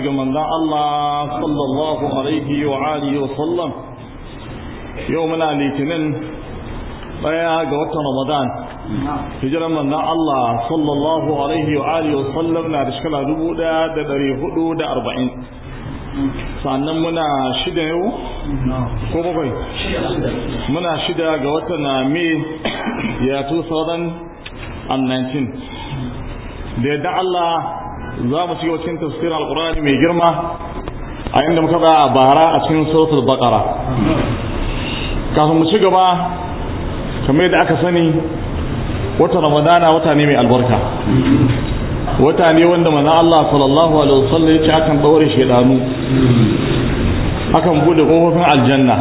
ga manzon Allah sallallahu alaihi wa alihi yau muna litinin daya ga watan Ramadan hijiran manzon Allah sallallahu alaihi wa alihi wa sallam na da sannan muna shida yau ko bakwai muna shida ga watan mai ya 2019 da yadda Allah za mu shiga cikin tafsirin alkurani mai girma a inda muka tsaya a bara a cikin suratul baqara kafin mu ci gaba kamar yadda aka sani wata ramadana wata ne mai albarka wata ne wanda mana Allah sallallahu alaihi wasallam yace akan daure shedanu akan bude kofofin aljanna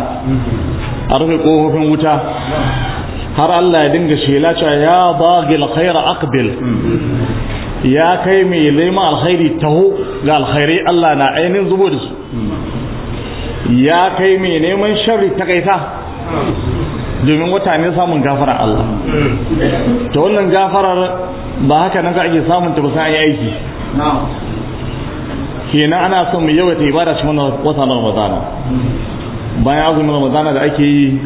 a rufe kofofin wuta har Allah ya dinga shela cewa ya bagil khaira aqbil ya kai mai laima alkhairi taho ga alkhairi Allah na ainihin zubo da su ya kai mai neman sharri takaita domin wata ne samun gafarar Allah ta wannan gafarar ba haka nan ka ake samun ta ba yi aiki kenan ana son mu yawaita ibada cikin wata na Ramadana bayan azumin Ramadana da ake yi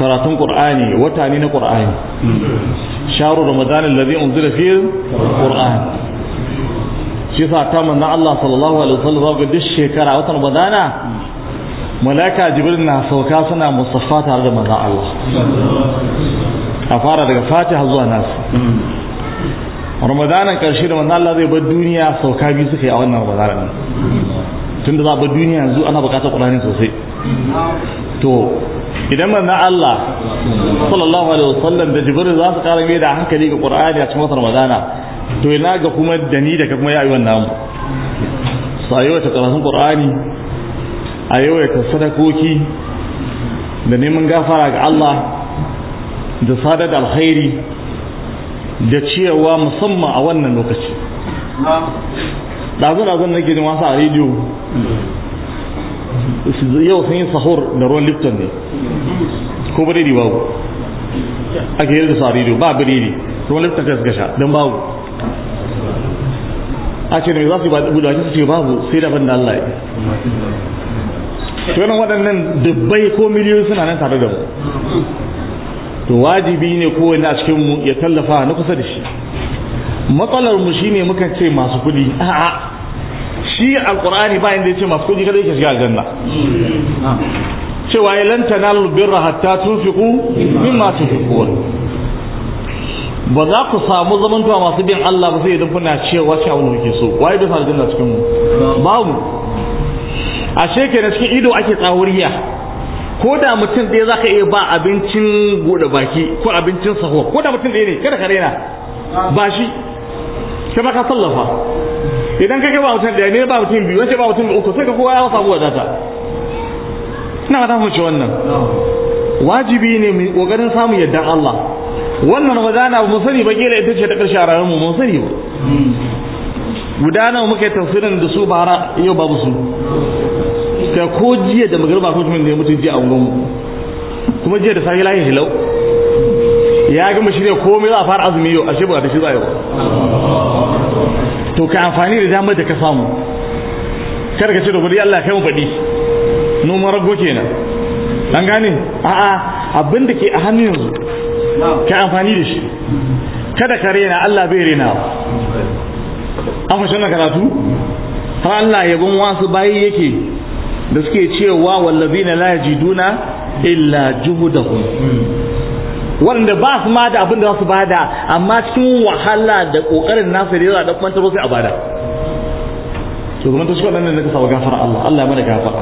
karatun Kur'ani wata ne na Qur'ani sharu ramadan alladhi unzila fihi alquran shi sa ta manna Allah sallallahu alaihi wasallam ga duk shekara watan ramadana malaka jibril na sauka suna musaffa tare da manzon Allah a fara daga fatiha zuwa nas ramadanan karshe da manzon Allah zai bar duniya sauka biyu suka yi a wannan ramadanan tunda za a bar duniya yanzu ana bukatar qur'ani sosai to idan na Allah sallallahu alaihi wasallam da jibril za su kara mai da hankali ga qur'ani a cikin ramadana to ina ga kuma da da kuma yayi wannan mu sayo ta karatun qur'ani a yawaita sadakoki da neman gafara ga Allah da sadar da alkhairi da ciyawa musamman a wannan lokaci ɗazu-ɗazun nake jin wasa a rediyo yau sun yi sahur da ruwan lipton ne ko biredi babu ake yadda da rediyo ba biredi ruwan lipton kai suka sha don babu a ce ne za su yi ba da ake su ce babu sai da ban da Allah to yana waɗannan dubbai ko miliyoyi suna nan tare da mu to wajibi ne wani a cikin mu ya tallafa na kusa da shi matsalar mu shine muka ce masu kuɗi a'a shi alqur'ani ba inda yace mafkuji kada yake shiga aljanna cewa ya lan tanalu birra hatta tunfiqu mimma tunfiqun ba za ku samu zamantawa masu bin Allah ba sai idan kuna cewa shi abin da so waye bai fara na cikin mu babu ashe kenan cikin ido ake tsawuriya ko da mutum ɗaya zaka iya ba abincin buɗe baki ko abincin saho ko da mutum ɗaya ne kada ka raina ba shi sai ka sallafa idan kake ba mutum da ne ba mutum biyu wace ba mutum uku sai ka kowa ya samu wadata ina fata mu wannan wajibi ne mu kokarin samu yaddan Allah wannan wadana mu sani ba kila ita ce ta karshe a rayuwar mu mu sani ba gudana muka yi tafsirin da su bara yau babu su ta ko jiya da magarba ko mutumin da ya mutu jiya a wurin mu kuma jiya da safe layin hilau ya gama shi ne komai za a fara azumi yau ashe ba ta shi za a yau to ka amfani da damar da ka samu kar ka ce da wuri Allah kai mu baɗi noman rago kenan an gane a'a abin da ke a hannun yanzu ka amfani da shi kada ka rena Allah bai rena an fashe na karatu har Allah yabon wasu bayi yake da suke cewa wallazina la yajiduna illa juhudahum wanda ba su ma da abin da za su bada amma cikin wahala da kokarin nasu da yawa da kuma tarbo a bada to kuma ta shi wannan ne ka saba gafara Allah Allah ya mana gafara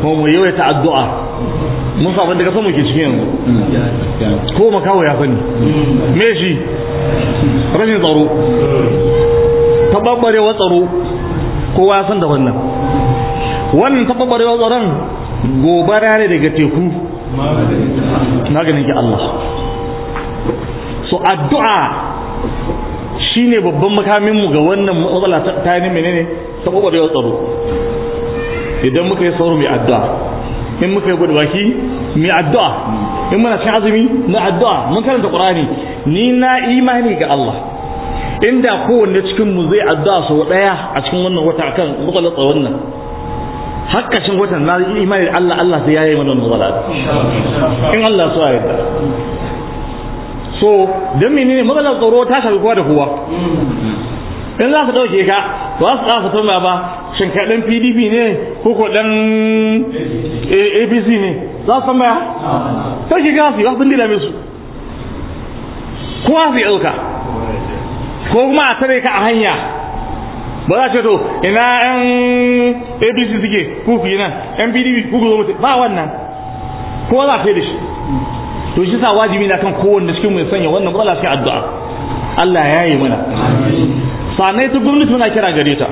kuma mu yawaita addu'a mun sa wanda kasan mu ke cikin yanzu ko kawo ya sani me shi rashin tsaro tababbarewa tsaro kowa ya san da wannan wannan tababbarewa tsaron gobara ne daga teku maganin ki Allah so addu'a shine babban makamin mu ga wannan matsala ta yi menene ta kokarin tsaro idan muka yi tsaro mai addu'a in muka yi gudu baki mai addu'a in muna cin azumi na addu'a mun karanta qur'ani ni na imani ga Allah inda kowanne cikin mu zai addu'a so daya a cikin wannan wata akan matsalar tsaron nan hakkashin watan na imani da Allah Allah sai yayi mana wannan matsala in Allah so ya yarda so don ne, matsalar tsaro ta shafi kowa da kowa mm. in za su ɗauke ka to za su za su tuna ba shin ɗan pdp ne ko ko ɗan apc ne za su tambaya ɗauke ah. ka su yi abin dila su kowa su yi ɗauka ko kuma a tare ka a hanya ba za ce to ina yan apc suke ku nan yan pdp ku zo mutu ba wannan kowa za a yi da shi mm. to shi sa wajibi na kan kowanne cikin mai sanya wannan matsala cikin addu'a Allah ya yi mana sanai ta gwamnati muna kira gare ta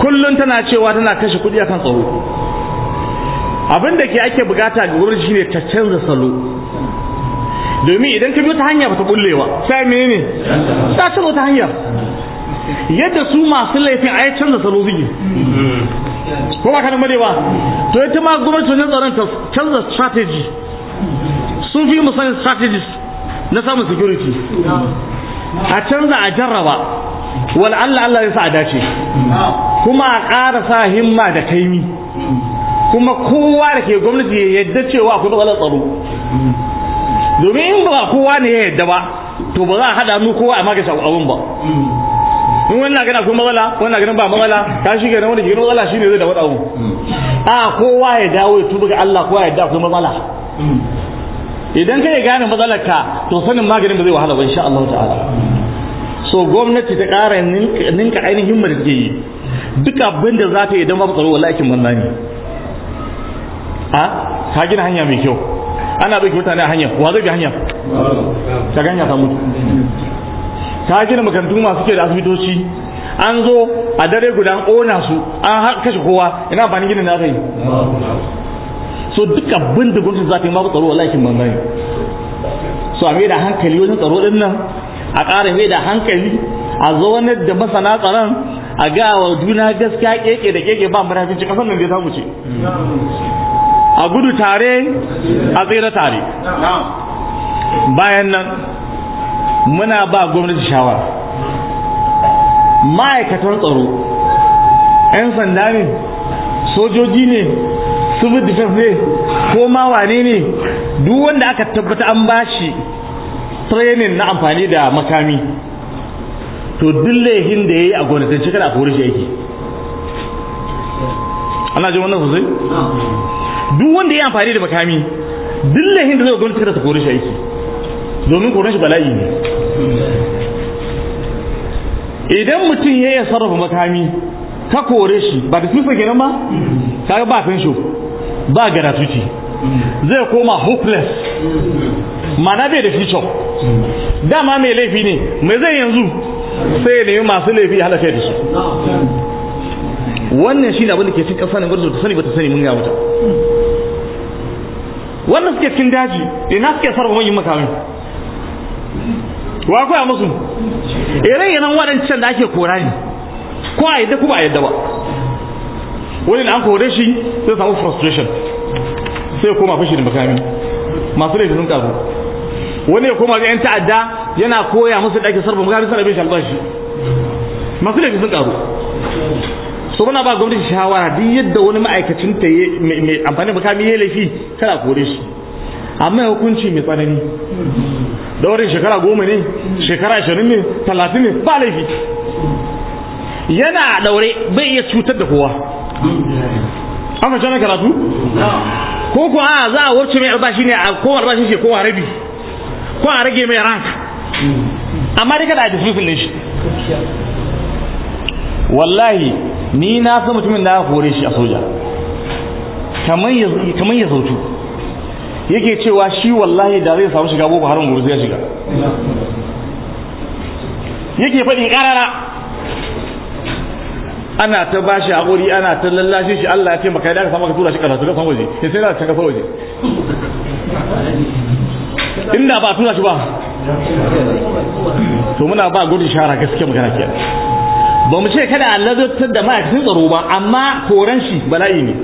kullum tana cewa tana kashe kuɗi akan tsaro abin da ke ake bukata ga gwamnati shine ta canza salo domin idan ka bi ta hanya bata ba sai menene ta canza ta hanya yadda su masu laifin a ya canza salo suke ko ba ka nan ba to ita ma gwamnati ne tsaron ta canza strategy sun fi mu sanin strategies na samun security a canza a jarraba wani Allah Allah ya sa a dace kuma a ƙara sa himma da kaimi kuma kowa da ke gwamnati ya yadda cewa akwai matsalar tsaro domin in ba kowa ne ya yadda ba to ba za a haɗa mu kowa a magance abun ba in wannan gina akwai matsala wannan gina ba matsala ta shi gina wani gina matsala ne zai da wata abu a kowa ya dawo ya tuba ga Allah kowa ya da akwai matsala idan ka gane matsalar ka to sanin maganin ba zai wahala ba insha Allah ta'ala so gwamnati ta ƙara ninka ainihin da yi duk abin da za ta yi don babu tsaro wallahi kin banza ne a ka gina hanya mai kyau ana ɗauki mutane a hanya wa zai bi hanya ta ganya ta mutu ta gina makarantu masu ke da asibitoci an zo a dare guda an ƙona su an kashe kowa ina amfani ginin na kai so duka abin da zafi ma ta tsaro wallahi kin so a da hankali wajen tsaro din nan a ƙara mai hankali a zaunar da masana tsaron a ga wa juna gaskiya keke da keke ba munafici kasan nan dai samu ce a gudu tare a tsira tare bayan nan muna ba gwamnati shawara ma'aikatan tsaro 'yan sanda sojoji ne su da shafe ko ma wane ne duk wanda aka tabbata an bashi training na amfani da makami to duk laifin da ya yi a gwamnatance kada a kori shi yake ana jin wannan sosai duk wanda ya amfani da makami duk laifin da zai gwamnati kada ta kori shi yake domin koron shi bala'i ne idan mutum ya yi sarrafa makami ka kore shi ba da sifa kenan ba ka ba kan shi ba gratuity zai koma hopeless mana bai da future dama mai laifi ne mai zai yanzu sai ya nemi masu laifi ya halaka da su wannan shi abin da ke cikin ƙasa ne gwamnati ta sani ba ta sani mun ga wannan suke cikin daji ina suke sarrafa manyan makamai wa koya musu irin yanan waɗancan da ake kora ne ko a yadda kuma a yadda ba wani da an kore shi sai samu frustration sai koma fashi da makami masu laifin sun karu wani ya koma ga yan ta'adda yana koya musu da ake makami sarra bai shi albashi masu laifin sun karu so muna ba gwamnati shawara duk yadda wani ma'aikacin ta mai amfani makami ya laifi kada kore shi amma ya hukunci mai tsanani daurin shekara goma ne shekara ashirin ne talatin ne ba laifi yana daure bai iya cutar da kowa an fashe na karatu ko ko a za a warce mai albashi ne a kowa albashi ce kowa rabi ko a rage mai rank amma dai kada a difference ne shi wallahi ni na san mutumin da aka kore shi a soja kamar ya sautu yake cewa shi wallahi da zai samu shiga boko harin gurzu ya shiga yake faɗi ƙarara ana ta bashi haƙuri ana ta lallashe shi Allah ya ce maka da aka samu ka tura shi karatu kasan waje sai sai da ta kafa waje inda ba tura shi ba to muna ba gudu shara gaskiya magana ke ba mu ce kada Allah tsar da cikin tsaro ba amma koran shi bala'i ne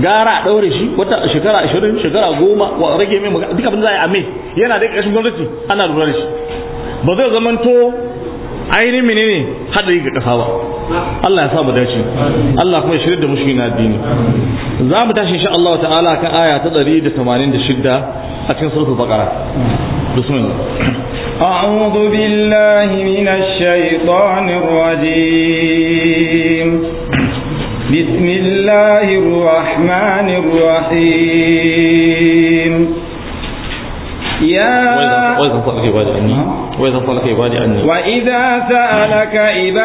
gara daure shi wata shekara 20 shekara 10 wa rage mai duka bin zai a mai yana da kashin gwamnati ana lura da shi ba zai zamanto ainihin menene hadari ga kasa ba Allah ya sa mu dace Allah kuma ya shirya da mu shi na addini za mu tashi insha Allah ta'ala kan aya ta 186 a cikin suratul baqara bismillah أعوذ بالله من الشيطان الرجيم بسم الله الرحمن يا وإذا سألك عبادي عني وإذا سألك عبادي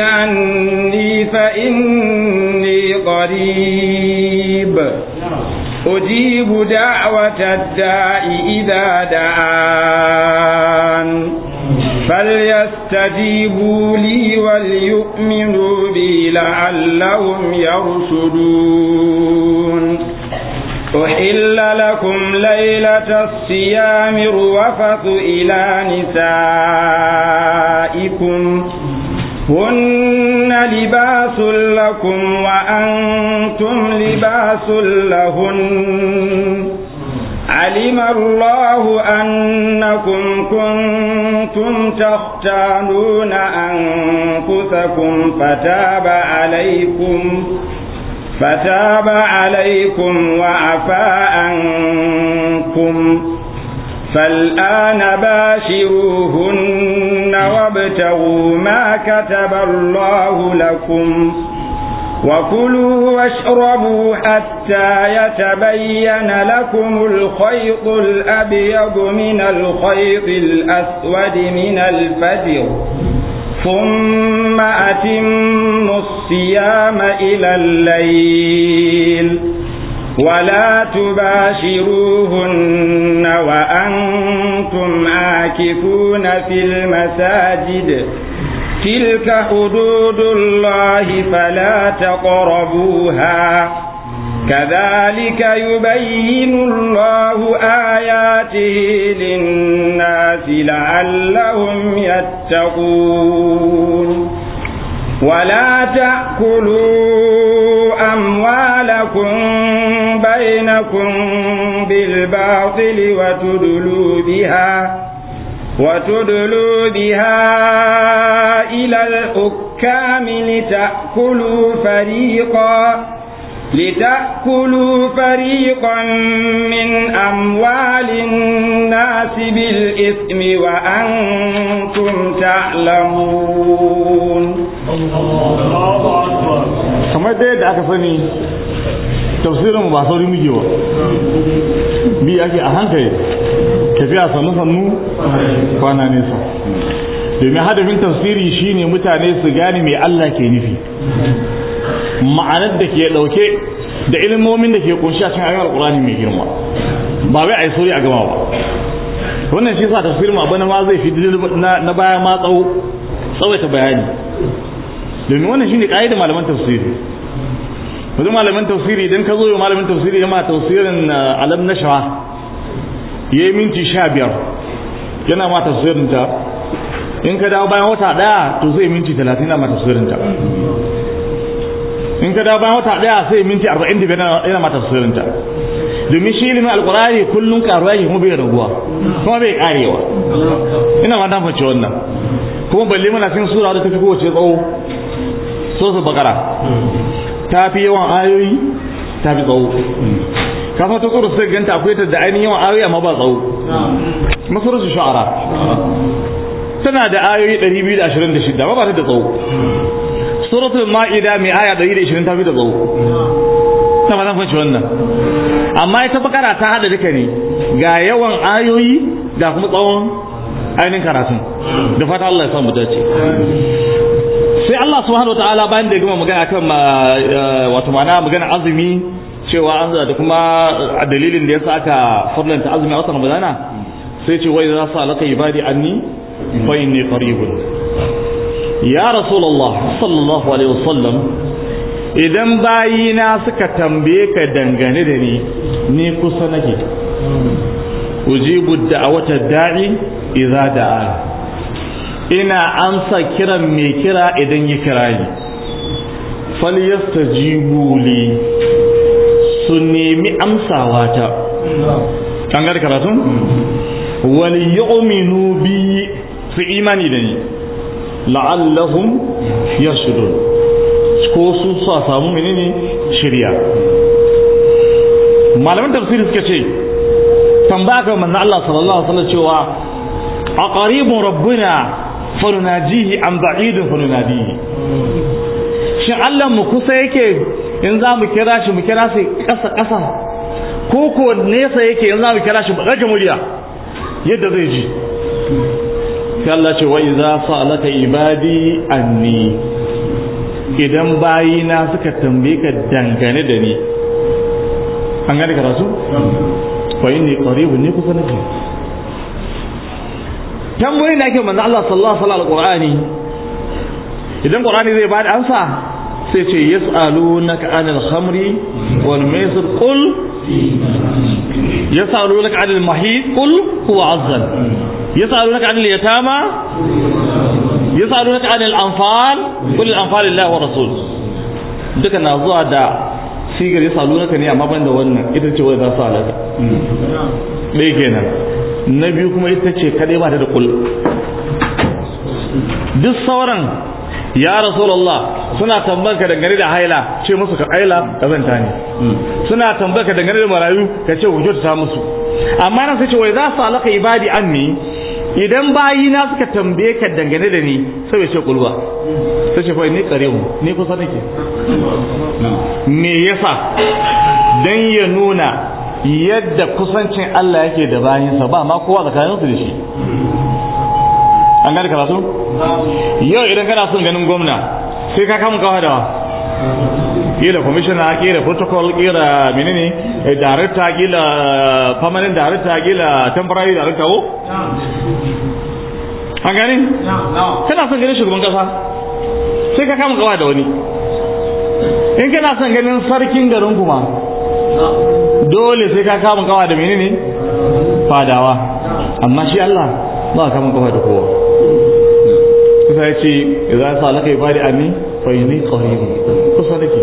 عني وإذا سألك عبادي عني فإني قريب أجيب دعوة الداء إذا دعان فليستجيبوا لي وليؤمنوا بي لعلهم يرشدون أحل لكم ليلة الصيام الرفث إلى نسائكم هن لباس لكم وأنتم لباس لهن علم الله أنكم كنتم تختانون أنفسكم فتاب عليكم فتاب عليكم فتاب عليكم وعفى عنكم فالآن باشروهن وابتغوا ما كتب الله لكم وكلوا واشربوا حتى يتبين لكم الخيط الأبيض من الخيط الأسود من الفجر ثم أتموا الصيام إلى الليل ولا تباشروهن وأنتم عاكفون في المساجد تلك حدود الله فلا تقربوها كذلك يبين الله آياته للناس لعلهم يتقون ولا تأكلوا أموالكم بينكم بالباطل وتدلوا بها وتدلوا بها إلى الحكام لتأكلوا فريقاً لتأكلوا فريقا من أموال الناس بالإثم وأنتم تعلمون kamar dai da aka sani tafsirin ba sauri muke ba bi ake a hankali tafiya sannu sannu kwana nesa domin hadafin tafsiri shine mutane su gane mai Allah ke nufi ma'anar da ke dauke da ilmomin da ke kunshi a cikin ayoyin alqur'ani mai girma ba wai yi sori a gama ba wannan shi sa tafsirin abana ma zai fi na baya ma tsawo tsawaita bayani domin wannan shi ne kayi da malaman tafsiri wajen malamin tafsiri idan ka zo yi malamin tafsiri ya ma tafsirin ah, alam na shawa ya yi minti sha biyar yana ma tafsirin ta in ka dawo bayan wata daya to zai minti talatin na ma tafsirin ta in ka dawo bayan wata daya sai minti 40 da yana mata sirrinta domin shi ilimin alkurari kullum karuwa yake kuma bai raguwa kuma bai karewa ina ma dafa ce wannan kuma balle muna cikin sura da tafi kowace tsawo so su bakara ta fi yawan ayoyi ta fi tsawo kafa ta tsoro sai ganta akwai ta da ainihin yawan ayoyi amma ba tsawo masarar su sha'ara tana da ayoyi 226 ba ba ta da tsawo suratul ma'ida mai aya da ta tafi da zo ta mazan fahimci wannan amma ita bakara ta hada duka ne ga yawan ayoyi ga kuma tsawon ainihin karatun da fata Allah ya samu dace sai Allah subhanahu wa ta'ala bayan da gama magana kan eh, wato mana magana azumi cewa an da kuma dalilin da yasa aka farlanta azumi a watan Ramadana sai ce wai za su alaka ibadi anni fa inni qaribun ya rasulullah sallallahu alaihi wasallam idan bayina suka tambaye ka dangane da ni ni kusa nake ujibu da'awata da'i idza da'a ina amsa kiran mai kira idan ya kira ni falyastajibu li su nemi amsawa ta an ga karatun wal yu'minu bi su imani da ni la'allahum yashudun ko su sa samu menene shirya malaman tafsiri suka ce tambaya ga manzon Allah sallallahu alaihi wasallam cewa aqaribun rabbuna fanunajihi am ba'idun fanunadihi shin Allah mu kusa yake in za mu kira shi mu kira shi ƙasa ƙasa ko ko nesa yake in za mu kira shi ba murya yadda zai ji sai Allah ce wa idza sa'alaka ibadi anni idan bayi na suka tambaye ka dangane da ni an gane karatu fa inni qaribun ni kusa nake tambayoyin da ake manzo Allah sallallahu alaihi alqur'ani idan qur'ani zai bada amsa sai ce yas'alunaka anil khamri wal maisir qul yas'alunaka anil mahid qul huwa azzal يسألونك عن اليتامى يسألونك عن الأنفال قل الأنفال لله ورسوله duka na zuwa da sigar ya salu naka ne amma ban da wannan ita ce wadda za su halaka na biyu kuma ita ce kaɗai ba ta da kul duk sauran ya rasulullah suna tambanka dangane da haila ce musu ka haila kazanta ne suna tambanka dangane da marayu ka ce wujo ta musu amma nan sai ce za su idan bayi na suka tambaye ka dangane da ni sai ya ce kulwa sai ce fa ni tsare mu ni kusa nake me yasa dan ya nuna yadda kusancin Allah yake da bayinsa ba ma kowa tsakanin su da shi an gane karatu yau idan kana son ganin gwamna sai ka kama kawai da kila commissioner kila protocol kila menene eh, director kila eh, permanent director kila temporary director ko an gani kana son ganin shugaban kasa sai ka kama kawa da wani in kana son ganin sarkin garin kuma dole sai ka kama kawa da menene fadawa amma shi Allah ba kama kawa da kowa kusa ya ce idan sa alaka ibadi ami fa yi ne kusa nake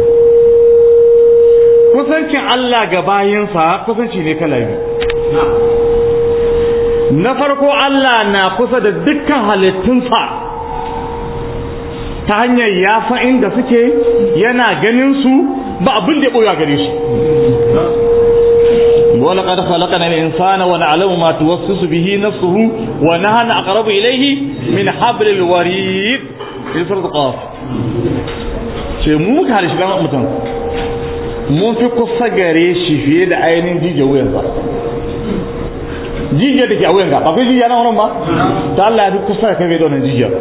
kusancin Allah ga bayansa kusanci ne kala na farko Allah na kusa da dukkan halittunsa ta hanyar ya fa’in da suke yana ganin su ba abin da ya ɓoya gare shi wani ƙada falaka na insana wani alamu mata wasu su bihi na suhu wani hana a ƙarabu ilaihi min habril wari yi ce mu muka halishi dan mutum mun fi kusa gare shi fiye da ainihin jijiyar ba jijiyar da ke a wuyan wuyanka akwai jijiyar na wurin ba ta Allah ya fi kusa da kai fiye da wannan jijiyar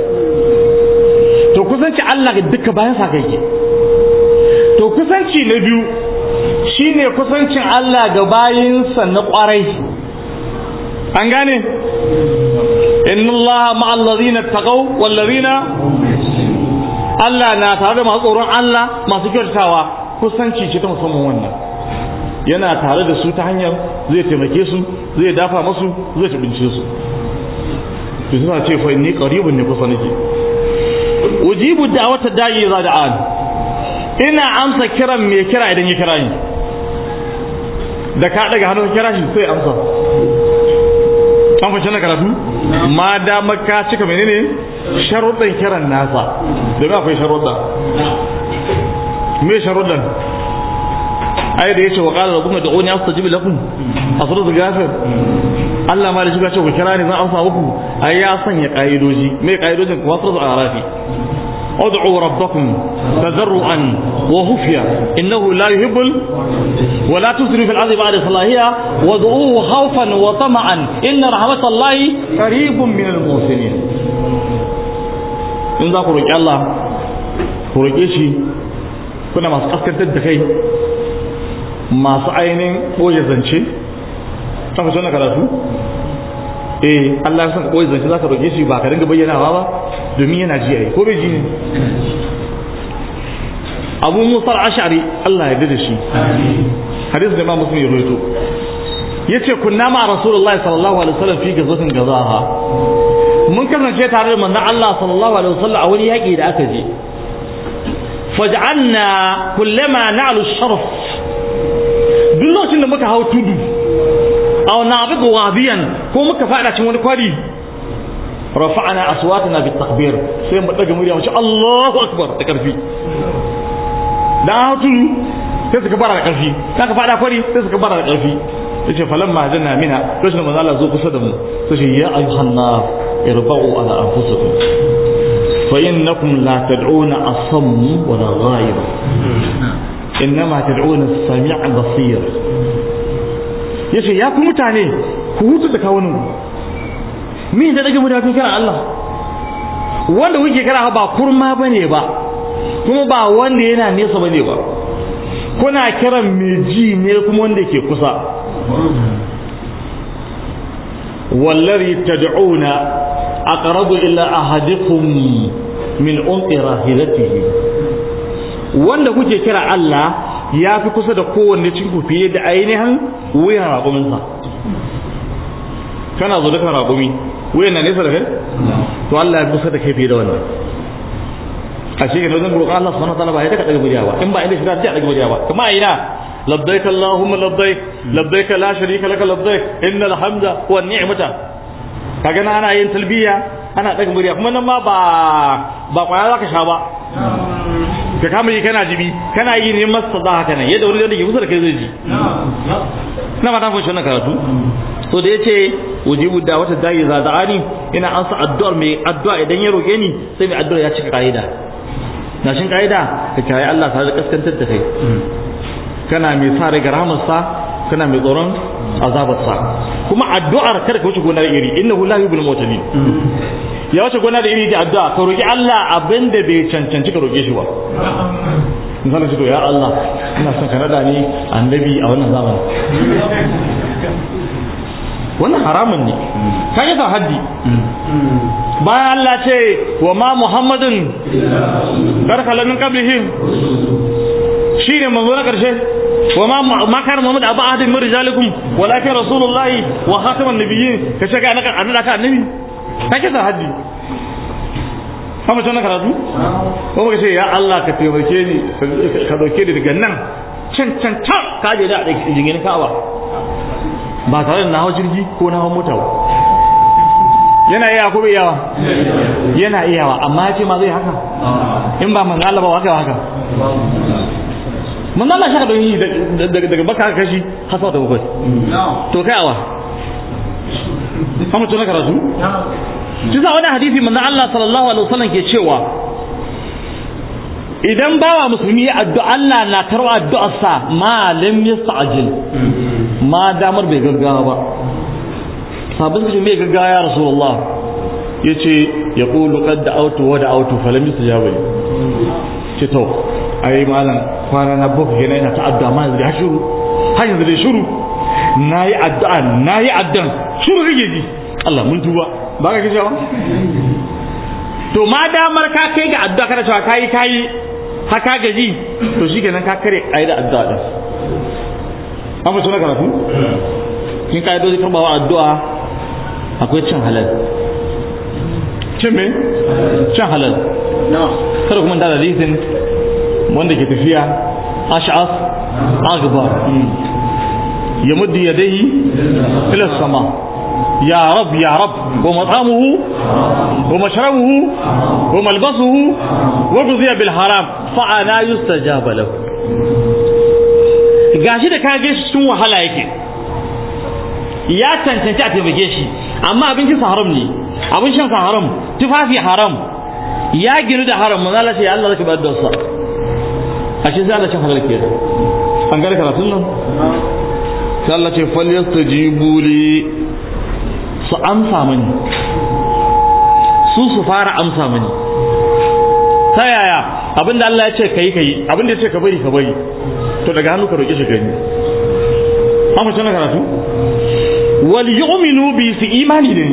to kusanci Allah ga duka bayan sa kai to kusanci na biyu shine kusancin Allah ga sa na kwarai an gane inna Allah ma'al ladina taqaw wal ladina Allah na tare da masu tsoron Allah masu kyautawa kusanci ce ta musamman wannan yana tare da su ta hanyar zai taimake su zai dafa masu zai tabince su to suna ce fa ni qaribun ne kusa nake ujibu da'wata da'i za an ina amsa kiran mai kira idan ya kira ni da ka daga hannun kira shi sai amsa an fashe na karatu ma da maka cika ne sharuɗan kiran nasa domin akwai sharuɗa me sharuɗan ai da yace wa ta jibi lafin a lakum da gafin Allah ma da shi ce ku kira ne zan amsa ku, ai ya sanya ƙa'idoji, me ƙa'idojin kuma a arafi ادعوا ربكم تذرعا وخفيا انه لا يحب ولا تسرفوا في الارض بعد صلاحها وادعوه خوفا وطمعا ان رحمه الله قريب من المحسنين in za ku roƙi Allah ku roƙe shi kuna masu kaskantar da kai masu ainihin zance karatu eh Allah ya san ɓoye zance za ka shi ba ka dinga bayyanawa ba domin yana ji ai ko bai ji ne abu musar ashari Allah ya dade shi hadis da ma muslim ya rawaito yace kunna ma rasulullahi sallallahu alaihi wasallam fi gazatin gazaha mun kasance tare da manzon Allah sallallahu alaihi wasallam a wani yaki da aka je faj'alna kullama na'lu sharf duk lokacin da muka hau tudu aw na'budu wadiyan ko muka fada cikin wani kwari rafa'ana aswatana bit takbir sai mu daga murya mu ce Allahu akbar da karfi da hatulu sai suka fara da karfi ka fada kwari sai suka fara da karfi yace falamma janna mina rashin manzo Allah zo kusa da mu sai ce ya ayyuhan nar irba'u ala anfusikum fa innakum la tad'una asam wa la ghaib innama tad'una as-sami' basir yace ya ku mutane ku hutu da kawunan ku mi da daga mutafin kira Allah wanda kuke kira ba kurma bane ba kuma ba wanda yana nesa bane ba kuna kiran meji ji ne kuma wanda ke kusa wallazi tad'una aqrabu illa ahadikum min unqi rahilatihi wanda kuke kira Allah ya fi kusa da kowanne cikin ku fiye da ainihin wuyan rakuminsa kana zo da raƙumi wuyan na nesa da kai to Allah ya kusa da kai fiye da wannan a shi kenan zan roƙa Allah subhanahu wataala ba ya daga daga murya ba in ba inda shi za ta daga murya ba kuma a ina labbaik Allahumma labbaik labbaik la sharika laka labbaik innal hamda wa ni'mata kaga na ana yin talbiya ana daga murya kuma nan ma ba ba kwaya zaka sha ba ka kama yi kana jibi kana yi ne masa za haka nan yadda wani yadda ke kusa da kai zai ji na kun shi wannan karatu so da ce ujibu da wata dayi za da ani ina ansa addu'ar mai addu'a idan ya roƙe ni sai mai addu'ar ya cika kaida na shin kaida ka kyaye Allah ta da kaskantar da kai kana mai sa daga rahamarsa kana mai tsoron azabar sa kuma addu'ar kar ka wuce da iri innahu la yubil mutadin ya wuce da iri da addu'a ka roki Allah abinda bai cancanci ka roke shi ba misali ce to ya Allah ina son ka nada ni annabi a wannan zamanin wannan haramun ne ka yi haddi bayan Allah ce wa ma muhammadin karkalamin kablihi shi ne manzo na karshe wa ma ma kana muhammad abu ahadin min rijalikum walakin rasulullahi wa khataman nabiyyin ka ce ga annaka annaka ka annabi ka yi haddi ka mace wannan karatu ko muka ce ya Allah ka taimake ni ka dauke ni daga nan can can can ka je da jingin kawa ba tare da na hau jirgi ko na hau mota yana iya ko bai yawa yana iyawa amma ya ce ma zai haka in ba manzo Allah ba haka haka manzo Allah shaka don yi daga baka kashi hasa da bakwai to kai awa amma to na karatu shi wani hadisi manzo Allah sallallahu alaihi wasallam ke cewa idan bawa musulmi addu'a Allah na karwa addu'arsa ma lam yasta'jil ma damar bai gaggawa ba sabon kashin mai gaggawa ya Allah ya ce ya ƙulu kad da auto wa da auto falami su jawo ne ce to yi malam kwana na bakwai yana yana ta addu'a ma yanzu ya shuru har yanzu dai shuru na yi addu'a na yi addu'a shuru kake ji Allah mun tuba ba ka kace ba to ma damar ka kai ga addu'a kana cewa kayi kayi haka gaji to shi shikenan ka kare yi da addu'a din apa sunnah kalau fito na karatu kin bawa doa aku itu cin halal cin me cin halal kada kuma da hadisin wanda kita fia? ash'as agbar ya muddi yadayhi ila sama يا رب يا رب ومطعمه ومشربه وملبسه وغذي بالحرام فأنا يستجاب له gashi da ka shi tun wahala yake ya cancanci a taimake shi amma abincin sa haram ne abin shan sa haram tufafi haram ya ginu da haram manzo Allah ya Allah zaka bayar da a shi sai Allah ya halal ke an gare karatun nan sai Allah ce yastajibu li su amsa mani su su fara amsa mani ta yaya abinda Allah ya ce kai kai abinda ya ce ka bari ka bari to daga hannu ka roƙe shi gani an fashe na karatu wal yu'minu bi su imani ne?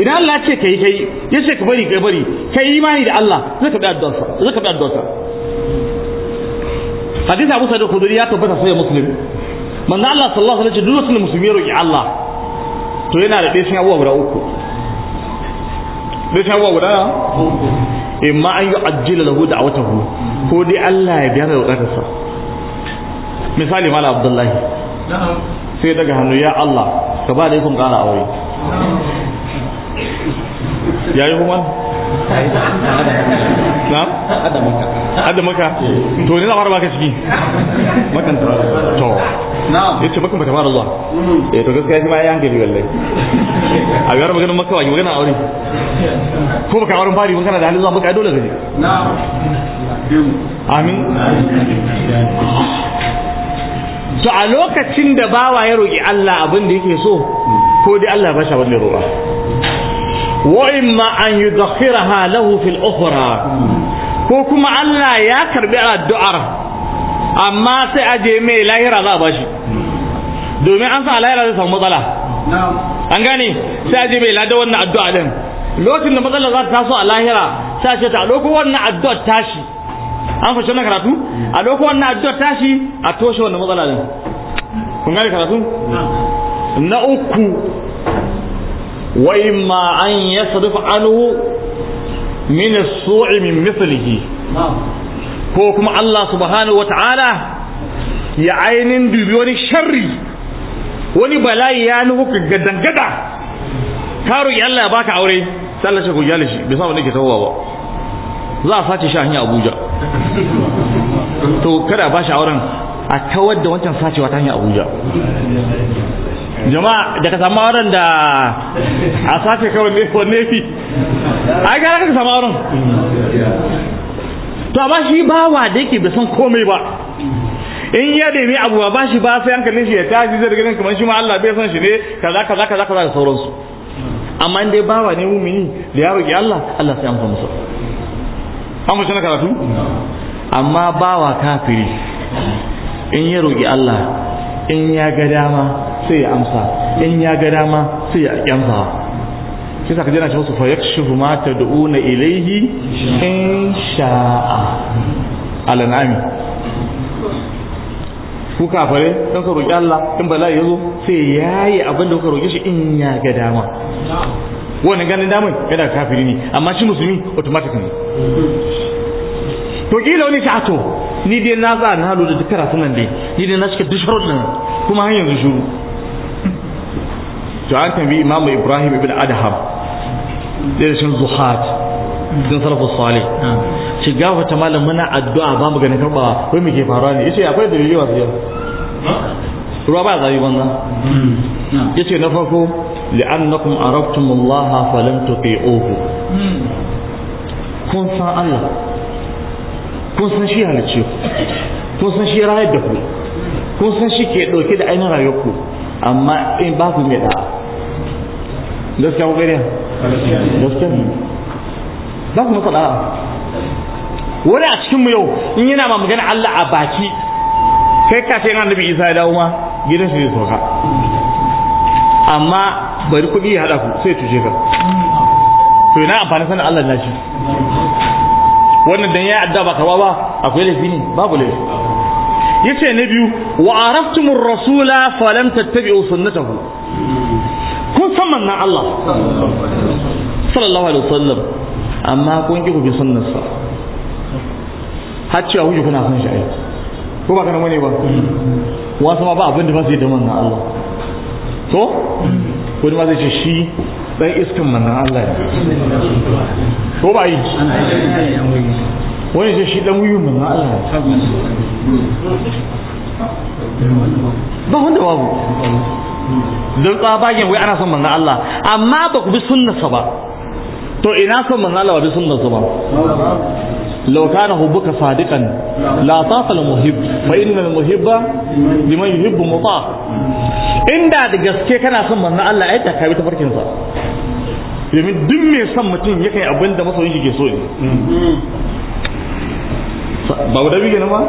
idan Allah ce kai kai ya ce ka bari ka bari kai imani da Allah zai ka bi addu'arsa zai ka bi addu'arsa hadisi Abu Sa'id al-Khudri ya tabbata sai Muslim manzo Allah sallallahu alaihi wasallam ce musulmi ya roƙi Allah to yana da ɗaya sun abubuwa guda uku bai ta wa gudana in ma an yi ajiyar lahu da a wata hu ko dai Allah ya biyar da bukatarsa misali mala abdullahi sai daga hannu ya Allah ka ba da yi kun kara aure ya yi kuma na? adamaka adamaka to ne na fara baka ciki makanta to na'am yace maka mata zuwa. Mm-hmm. eh to gaskiya shi ma ya hankali wallahi a ga maganin maka wani magana aure ko baka auren bari mun kana da halin zuwa maka dole gaje na'am amin to a lokacin da bawa ya roƙi Allah abin da yake so ko dai Allah ya bashi abin da ya roƙa wa imma an yudakhiraha lahu fil ukhra ko kuma Allah ya karbi addu'ar amma sai a je mai lahira za a bashi domin an sa lahira zai samu matsala an gane sai a je mai lada wannan addu'a din lokacin da matsala za ta taso a lahira sai a ce ta lokacin wannan addu'a tashi an fashe na karatu a lokacin wannan addu'a tashi a toshe wannan matsala din kun gane karatu na uku wa imma an yasrif anhu min as-su'i min mithlihi ko kuma Allah subhanahu wata'ala ya ainihin dubi wani sharri wani bala'i ya nufi ka gadangada ka roƙi Allah ya baka aure sai Allah ya ku yale shi bai sa wani ke tawowa ba za a sace shi a hanya Abuja to kada ba shi auren a kawar da wancan sacewa ta hanya Abuja jama'a da ka samu auren da a sace kawai ne wanne fi ai ga ka samu auren to amma shi bawa da yake bai san komai ba in ya nemi abu ba shi ba sai hankalin shi ya tashi zai ganin kamar shi ma Allah bai san shi ne kaza kaza kaza kaza da sauransu amma in dai bawa ne mumini da ya roki Allah Allah sai amsa masa an fashe na karatu amma bawa kafiri in ya roki Allah in ya ga dama sai ya amsa in ya ga dama sai ya kyamsa kisa ka jira shi musu fayakshifu ma tad'una ilayhi in sha'a alanami ku kafare dan ka roki Allah in bala'i yazo sai yayi abin da kuka roki shi in ya ga dama wannan ganin damai yana kafiri ne amma shi musulmi automatic ne to kila wani ta ato ni dai na za na halu da karatu nan dai ni dai na cika dusharo nan kuma har yanzu shuru to an tambayi imamu ibrahim ibn adham da cikin zuhat cikin salafus salih ce gafa ta malam muna addu'a ba mu ganin karbawa wai muke faruwa ne yace akwai dalili wasu yau ruwa ba zabi banza yace na farko li'annakum arabtum Allah falam tuti'uhu kun san Allah kun san shi halicci kun san shi rayar da ku kun san shi ke dauke da ainihin rayuwar ku amma in ba ku mai da'a gaskiya ko ƙarya gaskiya za ku masa da'a wani a cikin mu yau in yana ma magana Allah a baki kai ka ce yana nabi Isa ya dawo ma gidan shi zai sauka amma bari kuɗi ya haɗa ku sai tushe ka to ina amfani sanin Allah na shi wannan dan ya adda ba karba ba akwai laifi ne babu laifi yace na biyu wa araftumur rasula falam tattabi'u sunnatahu musamman na Allah sallallahu alaihi wasallam amma kun ki ku bi sunnarsa har cewa kuke kuna san shi aiki ko ba kana mune ba wasu ma ba abin da ba zai da manzon Allah to wani ma zai ce shi dan iskan manzon Allah ne ko ba yi wani ce shi dan wuyin manzon Allah ba wanda babu don tsabagen wai ana son manzon Allah amma ba ku bi sunnarsa ba to ina son manzon Allah ba bi sunnarsa ba لو كان حبك صادقا muhib fa inna al muhibba liman yuhibbu muta inda da gaske kana son manzon Allah ai ta kai ta farkin sa domin duk mai son mutum yakan abin da masoyin shi ke so ne ba wadabi ne ba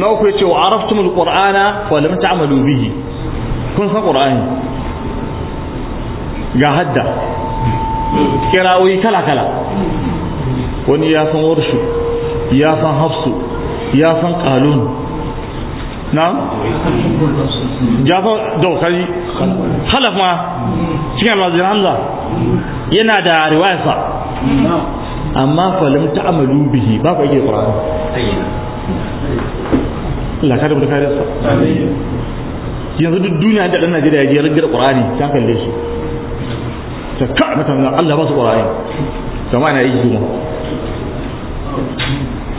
na ku ce wa araftumul qur'ana wa lam ta'malu bihi kun san qur'ani ga hadda kirawoyi kala kala wani ya san warshu ya san hafsu ya san qalun na jafa daukari halaf ma cikin alwazir hamza yana da riwayarsa amma falim ta amalu bihi ba ku ake ƙwararra lakar da kariyarsa yanzu duk duniya da ɗan najeriya ya je rage da ƙur'ani ta kalle su ta ka mutane allah ba su ƙur'ani kama na yi juma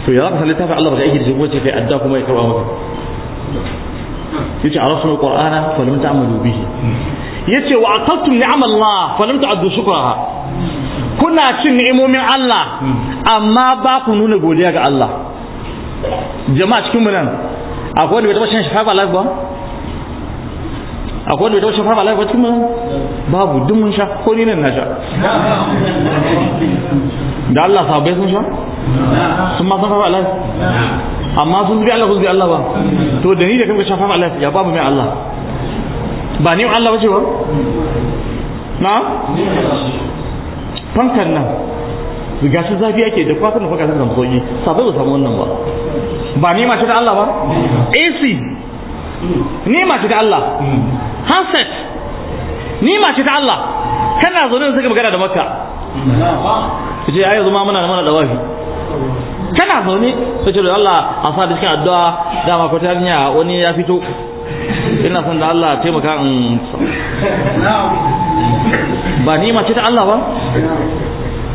to ya za ka san littafin allah ba ka aiki da shi kuma ce kai adda kuma ya karɓa maka yace arafu alqur'ana falam ta'malu bihi ce wa aqattum ni'amallah falam ta'addu shukraha kuna cin ni'imomin Allah amma ba ku nuna godiya ga Allah jama'a cikin mu nan akwai wanda bai taba shan shafa life ba akwai wanda bai taɓa shan five alive ba cikin mu babu duk mun sha ko ni nan na sha da Allah bai sun sha sun ma san five alive amma sun bi Allah sun bi Allah ba to da ni da kanka sha five alive ya babu mai Allah ba ni Allah ba ce ba na fankar nan riga shi zafi ake da kwakwar da fankan sun samu sauki sabai ba samu wannan ba ba ni ma ce da Allah ba AC ni ma ce da Allah sunset nima ce ta Allah kana zaune da suka magana da makka su ce ai zuma muna mana wafi kana zo ne sai ce Allah a sa da cikin addu'a dama ko ta hanya wani ya fito ina son da Allah ya taimaka in ba nima ce ta Allah ba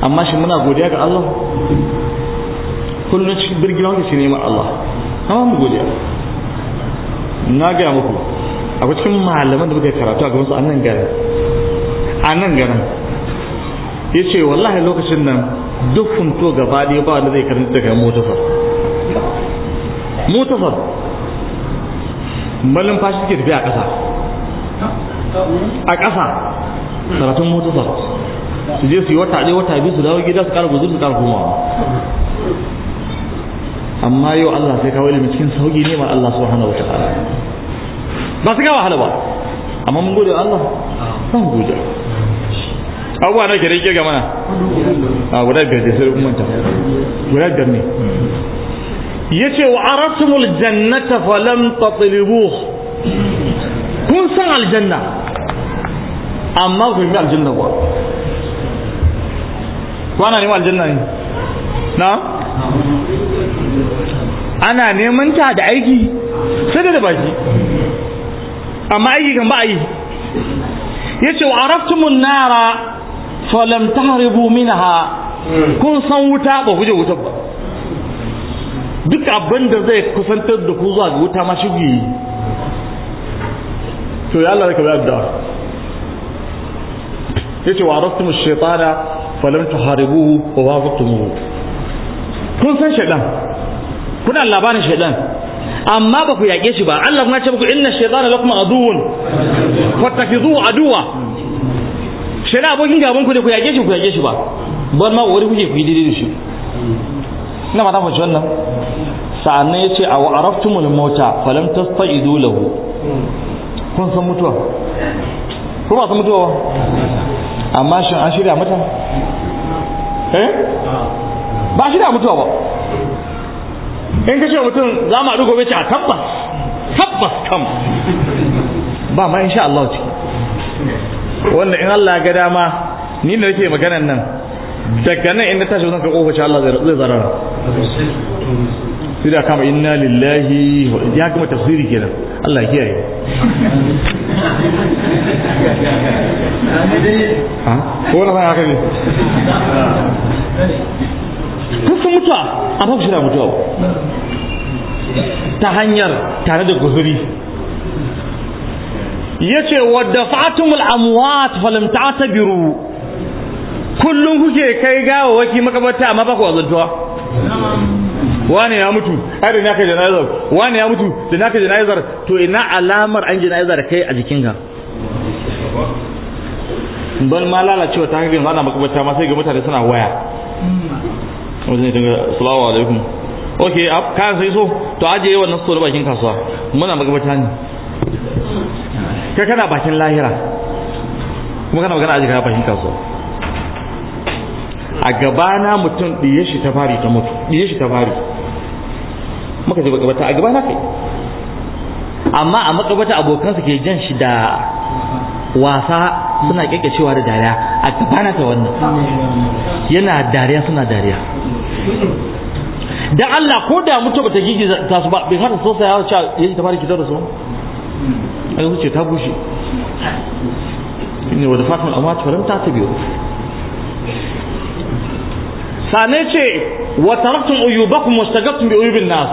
amma shi muna godiya ga Allah kullum cikin birgin wani shi neman Allah amma mu godiya na gaya muku akwai cikin malaman da muka karatu a gaban su annan garin annan garin yace wallahi lokacin nan duk funto gaba ne ba wanda zai karanta daga mutafar mutafar mallan fashi ke tafiya a ƙasa a ƙasa karatun mutafar su je su yi wata ɗaya wata biyu su dawo gida su ƙara guzur su ƙara komawa amma yau Allah sai kawo ilimin cikin sauƙi ne ma Allah subhanahu wa ta'ala ba su ga wahala ba amma mun gode Allah mun gode abubuwa na kere kirga mana a ah, guda biyar da sai kuma ta guda biyar ne yace wa aratumul jannata falam tatlubuh kun san aljanna amma ku yi aljanna ba kwana neman aljanna ne na ana neman ta da aiki sai da baki amma aiki kan ba a yi yace wa araftumun nara falam tahribu minha hmm. kun san wuta ba ku je wuta ba duk abin da zai kusantar da ku zuwa ga wuta ma shigi to ya Allah ka bayar da yace wa araftum ash-shaytana falam tuharibuhu wa wafaqtumuhu kun san shaytan kuna labarin shaytan amma ba ku yaƙe shi ba Allah kuma ce muku inna shaytana lakum aduwwun fattakhidhuhu aduwa shaytan abokin gaban ku da ku yaƙe shi ku yaƙe shi ba ban ma wuri kuke ku yi didi da shi ina mata fahimci wannan sa'annan ya ce a mauta mota falam tasta'idu lahu kun san mutuwa ko ba san mutuwa ba amma shin an shirya mata eh ba shirya mutuwa ba in ka ce mutum za mu haɗu gobe ce a tabbas tabbas kam ba ma insha Allah ce wanda in Allah ga dama ni da yake maganan nan daga nan inda tashi zan ka kofa Allah zai zarara sida kama inna lillahi ya kuma tafsiri kenan Allah ya kiyaye ko na haka ne duk sun mutuwa a shi na mutuwa ta hanyar tare da guzuri ce wadda fatumul falimta ta biru Kullum kuke kai gawa waki makabarta amma baku wazantuwa wani ya mutu ai da naka janayizar wani ya mutu da naka janayizar to ina alamar an janayizar kai a jikin ga bal ma lalacewa ta hakan ana makabarta ma sai ga mutane suna waya wajen dinga salamu alaikum ok ka sai so to ajiye wannan so da bakin kasuwa muna magabata ne ka kana bakin lahira kuma kana magana ajiye ka bakin kasuwa a gabana mutum ɗiye shi ta fari ta mutu ɗiye shi ta fari maka zai gabata a gabana kai amma a makabata abokansa ke jan shi da wasa suna cewa da dariya a gabana ta wannan yana dariya suna dariya Da Allah ko da mutu ta gigi ta su ba bin hada so sai ya ce yaji ta fara kitar da su ai wuce ta bushe inna wa amma ta falam ta tabiyo sane ce wa taraktum uyubakum wastagabtum bi uyubin nas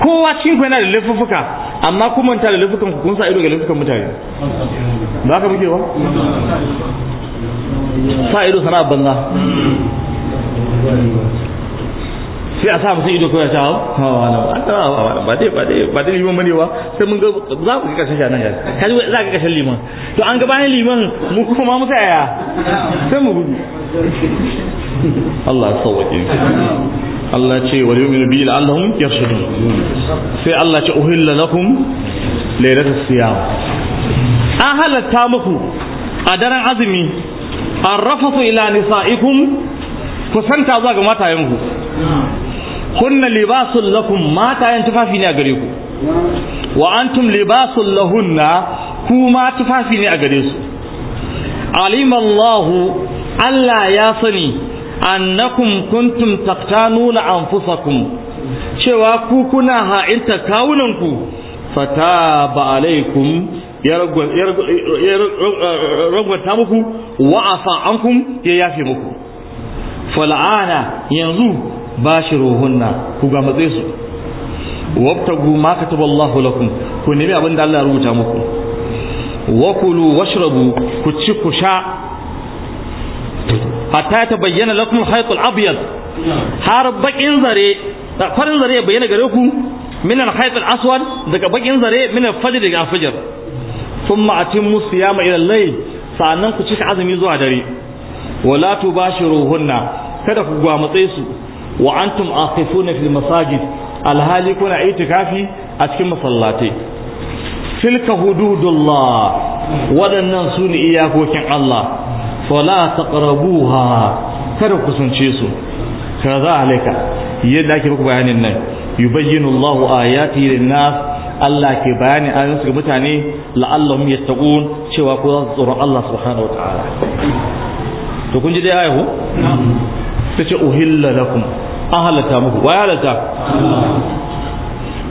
kowa cikin ku yana da laifuka amma kun manta da laifukan ku kun sa ido ga laifukan mutane ba ka muke ba sa ido sana'a banza sai a sa musu ido kawai ta hawa ba dai ba dai liman manewa sai mun ga za ku ga kashe nan ya kaji za ka kashe liman to an ga liman mu kuma mu tsaya sai mu gudu Allah ya sauke Allah ce wa yu'minu bi ya yarshudun sai Allah ce uhilla lakum laylatus siya. an halatta muku a daren azumi su ila nisaikum kusanta zuwa ga matayenku kunna libasul lakum matayen tufafi ne a gare ku wa antum libasul lahunna kuma tufafi ne a gare su alimallahu Allah ya sani annakum kuntum taqtanuna anfusakum cewa ku kuna ha'inta kawunanku fataba alaikum ya ragwata muku wa afa ankum ya yafe muku fal'ana yanzu bashiruhunna ku ga matsayi su wabtagu ma kataballahu lakum ku nemi abin da Allah ya rubuta muku wa kulu washrabu ku ci ku sha hatta ta bayyana lakum haytul abyad har bakin zare da farin zare ya bayyana gare ku min al haytul aswad daga bakin zare min al fajr daga fajr thumma atimmu siyama ila layl sannan ku cika azumi zuwa dare wala tubashiruhunna kada ku gwamatse su wa antum aqifuna fil masajid alhali kuna itikafi a cikin masallatai tilka hududullah waɗannan su iyakokin Allah wala taqrabuha kada ku kusance su kaza alaika yadda ake muku bayanin nan yi yubayyinu Allahu ya lin na, Allah ke bayani ayoyin su ga mutane la'allahum yattaqun cewa ko za su tsoron Allah subhanahu wataala to kun ji dai ayo ta ce uhilla lakum an halatta muku wa ya halatta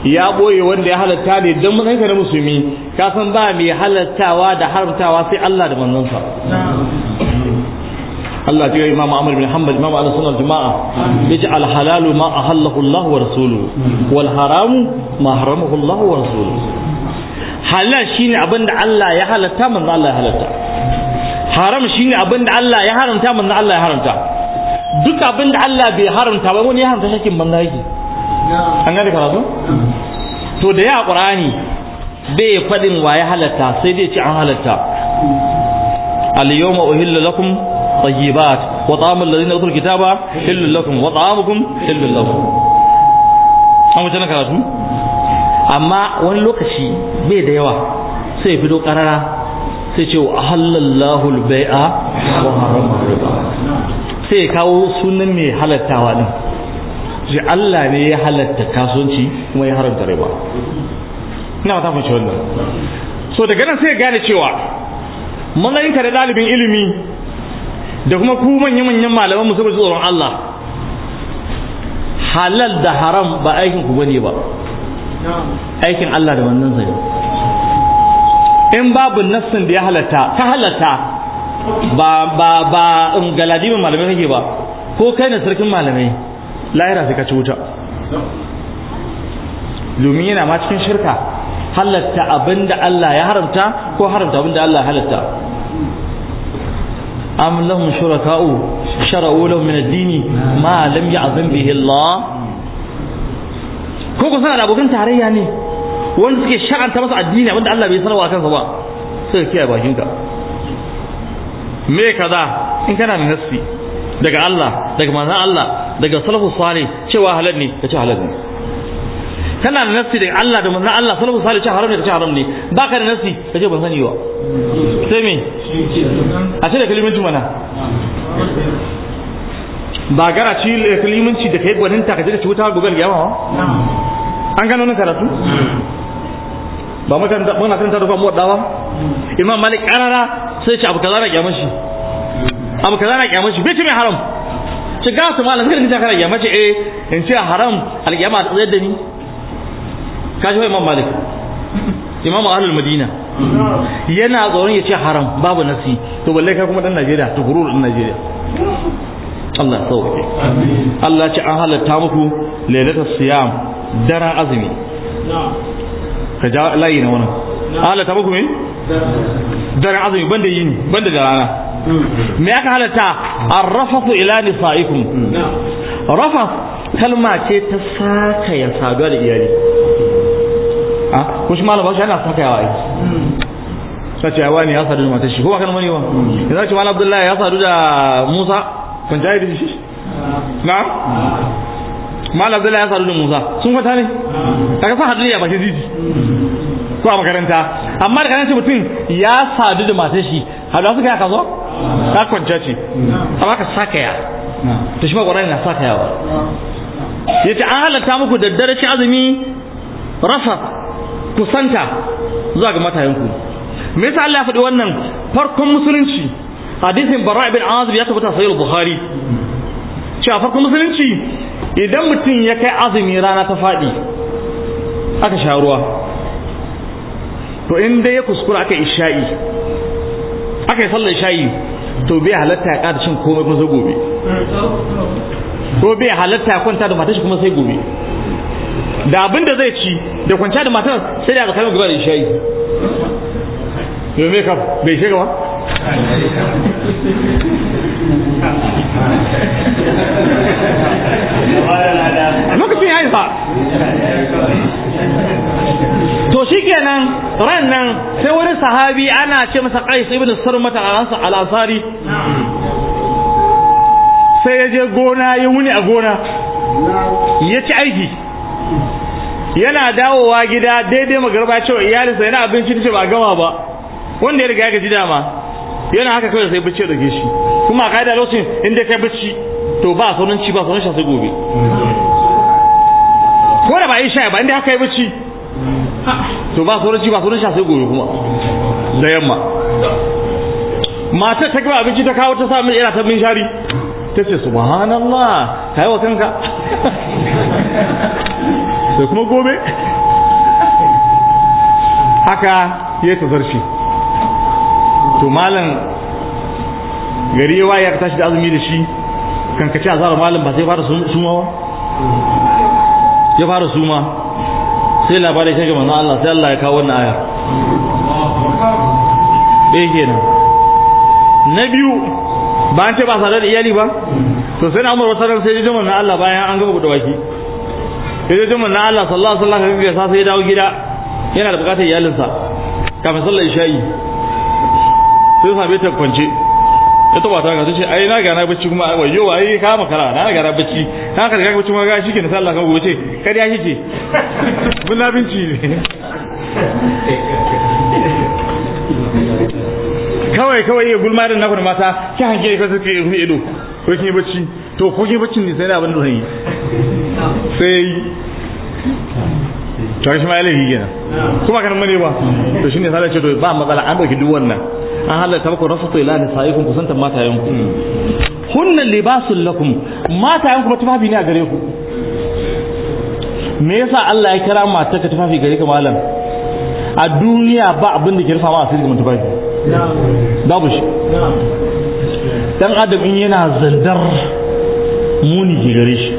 ya ɓoye wanda ya halatta ne don mun na musulmi ka san ba mai halattawa da haramtawa sai Allah da manzon sa Allah ya yi Imam Ahmad bin Hanbal Imam Ahlus Sunnah Jama'a yace al halalu ma ahallahu Allah wa rasuluhu wal haramu ma haramahu Allah wa rasuluhu halal shine abinda Allah ya halatta manzo Allah ya halatta haram shine abinda Allah ya haramta manzo Allah ya haramta duk abinda Allah bai haramta ba wani ya haramta shakin banza yake an gane karatu to da ya qur'ani bai fadin wa ya halatta sai dai ce an halatta mm. al yawma uhillu lakum الطيبات وطعام الذين أوتوا الكتاب حل لكم وطعامكم حل لكم an wuce na karatu amma wani lokaci bai da yawa sai fito karara sai ce wa halallahu sai kawo sunan mai halattawa din ji Allah ne ya halatta kasuwanci kuma ya haramta riba ina ta fahimci wannan so daga nan sai gane cewa matsayinka da ɗalibin ilimi da kuma ku manya manyan malaman mu saboda tsoron Allah halal da haram ba aikin ku bane ba aikin Allah da wannan zai in babu nassin da ya halatta ta halatta ba ba ba in galadi malamai kake ba ko kai na sarkin malamai lahira sai ka ci wuta domin yana ma cikin shirka halatta abinda Allah ya haramta ko haramta abinda Allah ya halatta am lahum shuraka'u shara'u lahum min ad-dini ma lam ko ku sana abokan tarayya ne wanda suke sha'anta masa addini wanda Allah bai sanarwa kansa ba sai kiyaye bakin ka me kaza in kana da nasi daga Allah daga manzon Allah daga salafu salih cewa halal ne kace halal ne kana da nasi daga Allah da manzon Allah sallallahu alaihi wasallam haram ne kace haram ne ka da nasi kace ban sani ba sai me a ce da kalimanci mana ba gara ci kalimanci da kai ta kaje da cuta wuta gogal ya ba an gano nan karatu ba mutan da muna karanta da fa muwadda imam malik karara sai ce abu kaza na kiyamar shi abu kaza na kiyamar shi bai ce mai haram ci gasu malam sai ni ta kara kiyamar ce eh in a haram alkiyama ta tsayar da ni kaji wa imam malik imam ahlul madina yana tsoron ya ce haram babu nasi to balle kai kuma dan najeriya to gurur din najeriya Allah sauke Allah ce an halatta muku lailatul siyam daren azumi ka ja layi na wannan halatta muku me daren azumi banda yini banda da rana me aka halatta arrafasu ila nisaikum rafas kalma ce ta saka ya saduwa da iyali a ko shi malaba shi ana saka yawa aiki sace yawa ne ya sadu da matar shi ko ba kan mani ba ya sace malam abdullahi ya sadu da musa kun jayi da shi na'am abdullahi ya sadu da musa sun kwata ne kaga sa hadliya ba shi jiji ko a makaranta amma da kanan ce mutum ya sadu da matar shi da suka ya kazo ta kwanta ce amma ka saka ya to shi ma ƙwararri na saka yawa ya an halatta muku daddare ci azumi rafa kusanta zuwa ga matayenku me yasa Allah ya faɗi wannan farkon musulunci hadisin bara ibn azib ya tabbata sahih bukhari cewa farkon musulunci idan mutum ya kai azumi rana ta faɗi aka sha ruwa to in dai ya kuskura aka isha'i aka yi sallar isha'i to bai halatta ya ƙara cin komai kuma sai gobe ko bai halatta ya kwanta da matashi kuma sai gobe da abin da zai ci da kwanciya da matar sai da zakarin gaba da shayi yau makeup bai shiga ba lokacin ya yi fa to shi kenan ran nan sai wani sahabi ana ce masa qais ibn sarmata al-ansari sai ya je gona ya wuni a gona ya ci aiki yana dawowa gida daidai magarba cewa iyalinsa yana abincin ce ba gama ba wanda ya riga ya gaji dama yana haka kawai sai bacci da shi kuma a kaida lokacin inda kai bacci to ba sauran ci ba sauran sha sai gobe ko da ba yi sha ba inda haka yi bacci to ba sauran ci ba sauran sha sai gobe kuma da yamma matar ta gaba abinci ta kawo ta sa min ina ta min shari ta ce subhanallah kai wa kanka sai kuma gobe haka ya ta zarfi to malam gari ya waye tashi da azumi da shi kankaci a zara malam ba sai fara suma ba ya fara suma sai labarai shi manzan Allah sai Allah ya kawo wannan aya ɗaya kenan na biyu ba an ce ba sadar iyali ba to sai na amurwa sadar sai ya ji manzon Allah bayan an gaba da waki yaje jin manzon Allah sallallahu alaihi wasallam ya sa sai ya dawo gida yana da bukatar iyalinsa kafin sallar isha'i sai sabe ta kwance ita ba ta gasa ce ai na ga na bacci kuma wayo ai ka makara na ga na bacci ka ka ga bacci kuma ga shi ke na sallah ka goce kariya kike mun na binci ne kawai kawai ya gulma da naku mata ki hanke ka suke ido ko ki bacci to ko ki bacci ne sai na abin da yi sai to shi ma ya laifi kenan kuma kan mane ba to shine sai ce to ba matsala an dauki duk wannan an halatta muku rasu to ila nisaikum kusantar matayen ku hunna libasul lakum matayen ba tufafi ne a gare ku me yasa Allah ya kira mata ka tufafi gare ka malam a duniya ba abin da ke rufa ma asiri ga tufafi babu shi dan adam in yana zandar muni ke gare shi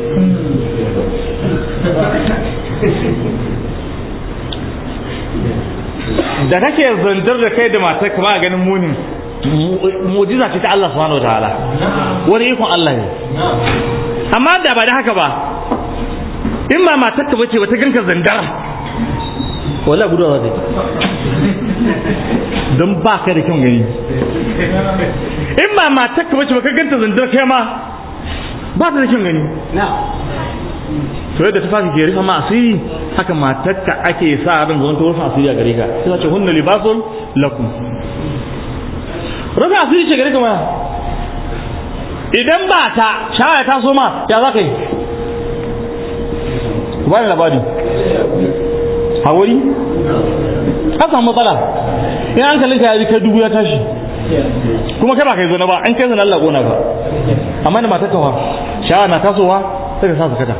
da kake zantar da kai da matar ka a ganin munin mu'jiza ce ta Allah subhanahu wataala wani ikon Allah ne amma da ba da haka ba in ba matar ka bace wata ganka zandar wala gudu zai. don ba ka da kyan gani in ba matar ka bace wata ganka zandar kai ma ba ta da kyan gani to yadda ta tufafi ke rufe ma asiri haka matarka ake sa abin zan ta rufa asiri a gare ka sai ce hunna libasun lakum rufa asiri ce gare ka ma idan ba ta shawara ta so ma ya za ka yi ba ni labari hawari ka samu matsala in kalinka ya ji kai dubu ya tashi kuma kai ba kai zana ba an kai zana Allah gona ba amma da matarka wa shawara na tasowa sai ka sa zakata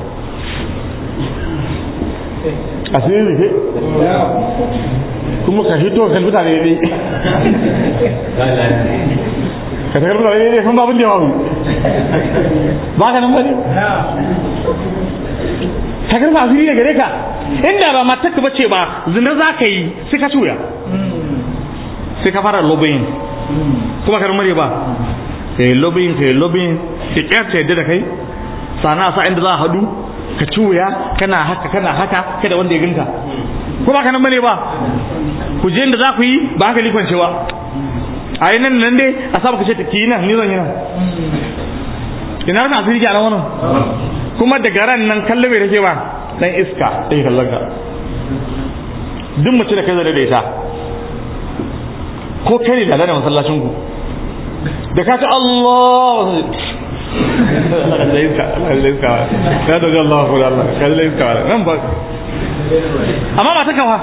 asirin rufe kuma ka hito ka kalbi tare dai ka ta karbi tare dai sun babin da babu ba ka nan ba ne ka karbi asiri da gare ka ba matar ka ba zina za ka yi sai ka cuya sai ka fara lobin kuma ka rumare ba ka lobin ka lobin ka kyarta yadda da kai sana sa inda za a haɗu ka ci wuya kana haka kana haka kada wanda ya ganka ko ba ka nan bane ba ku je inda za ku yi ba haka likon cewa a yi nan nan dai a saba ka ce ta kiyi nan ni zan yi nan ina rana asiri a nan wannan kuma daga ran nan kallabe bai take ba dan iska sai kallon ka duk mace da kai zare da ita ko kai ne da ladan masallacin ku da ka ta Allah ka amma ba ta kawa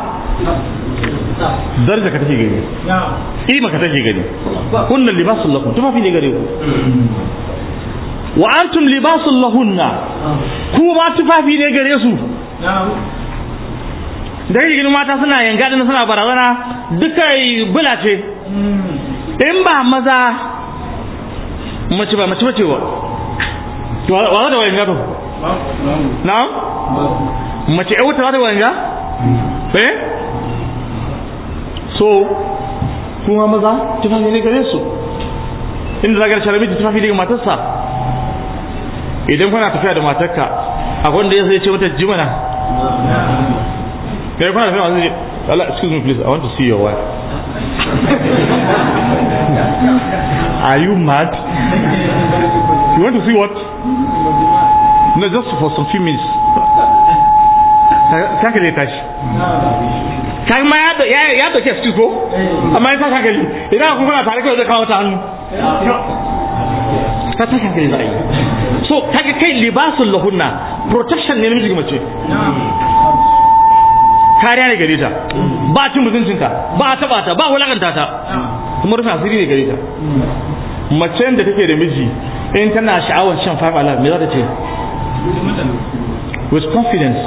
daraja ka take gani kima ka take gani kunnan libasul lakum tufafi ne gare ku wa antum libasul lahunna ku ma tufafi ne gare su da yake mata suna yanga din suna barazana duka bula ce in ba maza mace ba mace ba ce ba to wa da wayanga to na mace ai wuta da wayanga eh so kuma maza tufafi ne gare su inda zagar sharabi tufafi ne matarsa idan kana tafiya da matarka a wanda ya zai ce mata jimana kai kuna tafiya zai Allah excuse me please I want to see your wife are you mad you want to see what no just for some few minutes kanka zai tashi kai ma ya dauke su ko amma ya sa hankali idan kuma kuna tare kai zai kawo ta hannu ka ta hankali za a yi so kaga kai libasun lahunna protection ne namiji mace kariya ne gare ta ba cin ta ba a taba ta ba wulakanta ta kuma rufe asiri ne gare ta macen da take da miji in tana sha'awar shan five alive me za ta ce with confidence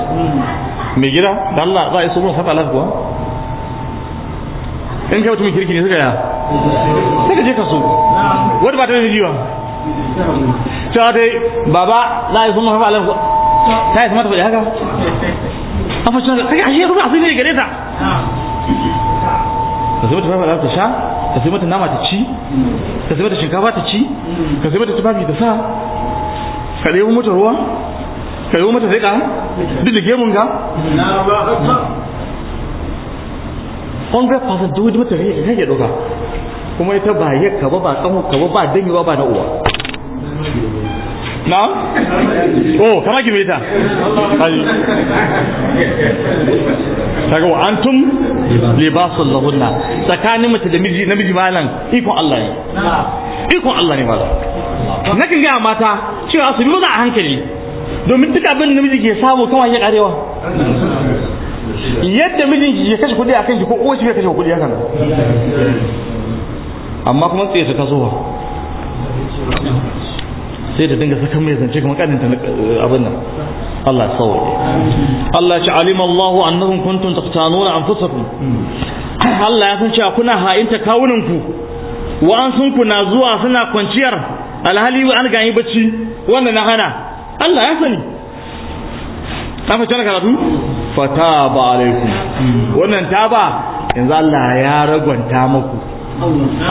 mai gida da Allah za a iso mun five alive kuwa in kai mutumin kirki ne suka ya Suka je ka so wadda ba ta jiwa ta baba za a mun five alive ta yi sama faɗi haka fashe ashe ne gare ta da zai five alive ta sha ka sai mata nama ta ci ka sai mata shinkafa ta ci ka sai mata tufafi ta sa ka ɗebo mata ruwa ka yi mata riƙa duk da gemun ga 100% duk mata riƙa ka ke ɗauka kuma ita ba yakka ba ba tsamu ka ba ba dangi ba ba na uwa na? oh kama ki mai ta kaga wa antum libasul lahunna tsakanin mace da miji namiji malan ikon Allah ne ikon Allah ne Na kin ga mata cewa su bi maza a hankali domin duk abin da miji ke samu kawai ya karewa yadda miji ya kashe kudi a shi ko uwa ya kashe kudi akan amma kuma tsaye ta tasowa sai da dinga saka mai zance kuma kanin ta abin nan الله يصور الله علم الله أنكم كنتم تختانون أنفسكم الله يكون شاكونا هاين تكاوننكم وأنسنكم نازوا سنة كونشير Allah ya sani karatu fata wannan ta yanzu Allah ya ragwanta muku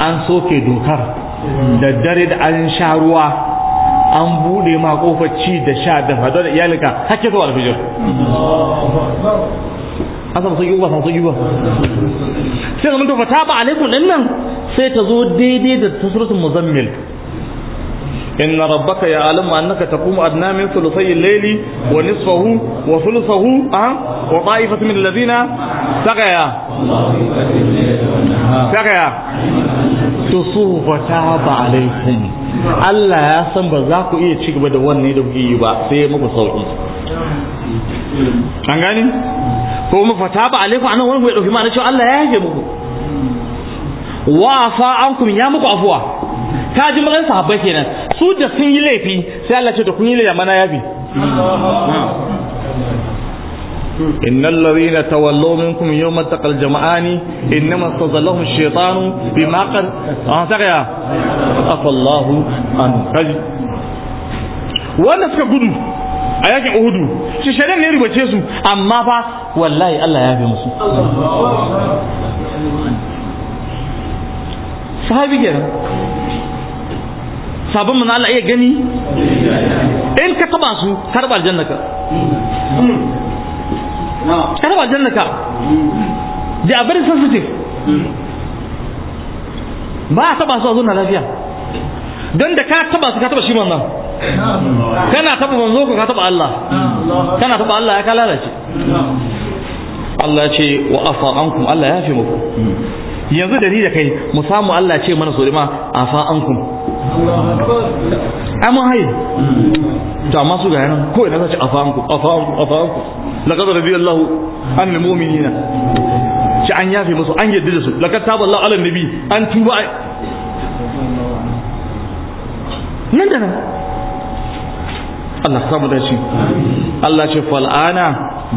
an soke dokar da an sha ruwa an bude ma kofar ci da sha da hado da iyalinka hake zuwa alfijir an samu sauki ba samu sauki ba sai zama to fata ba alaikum nan sai ta zo daidai da tasiratul muzammil inna rabbaka ya'lamu annaka taqumu adna min thuluthay al Allah ya san ba za ku iya ci gaba da wannan da kuke yi ba sai muku sauki an gani ko mu fata ba alaikum anan wani ya dauki ma'ana cewa Allah ya yaje muku wa an ankum ya muku afuwa ka ji magan sahabbai kenan su da sun yi laifi sai Allah ce to kun yi laifi mana yafi إن الذين تولوا منكم يوم التقى الجمعان إنما استزلهم الشيطان بما قد أعتقى أفى الله عن wanda suka gudu a yakin uhudu shi shaidan ne ribace su amma fa wallahi Allah ya fi musu sabon mu Allah iya gani in ka taba su karba aljannaka karba aljannaka they are very sensitive ba a taba su a zuwa lafiya don da ka taba su ka taba shi manzon kana taba manzo ka taba Allah kana taba Allah ya ka lalace Allah ya ce wa afa ankum Allah ya fi muku yanzu da ni da kai mu samu Allah ce mana sori ma afa ankum amma hayi to amma su ga yana ko ina zaci afanku afanku afanku laqad an anil mu'minina ci an yafe musu an yaddi da su laqad taballahu ala nabi an tuba nan da nan Allah samu da shi Allah ce fal ana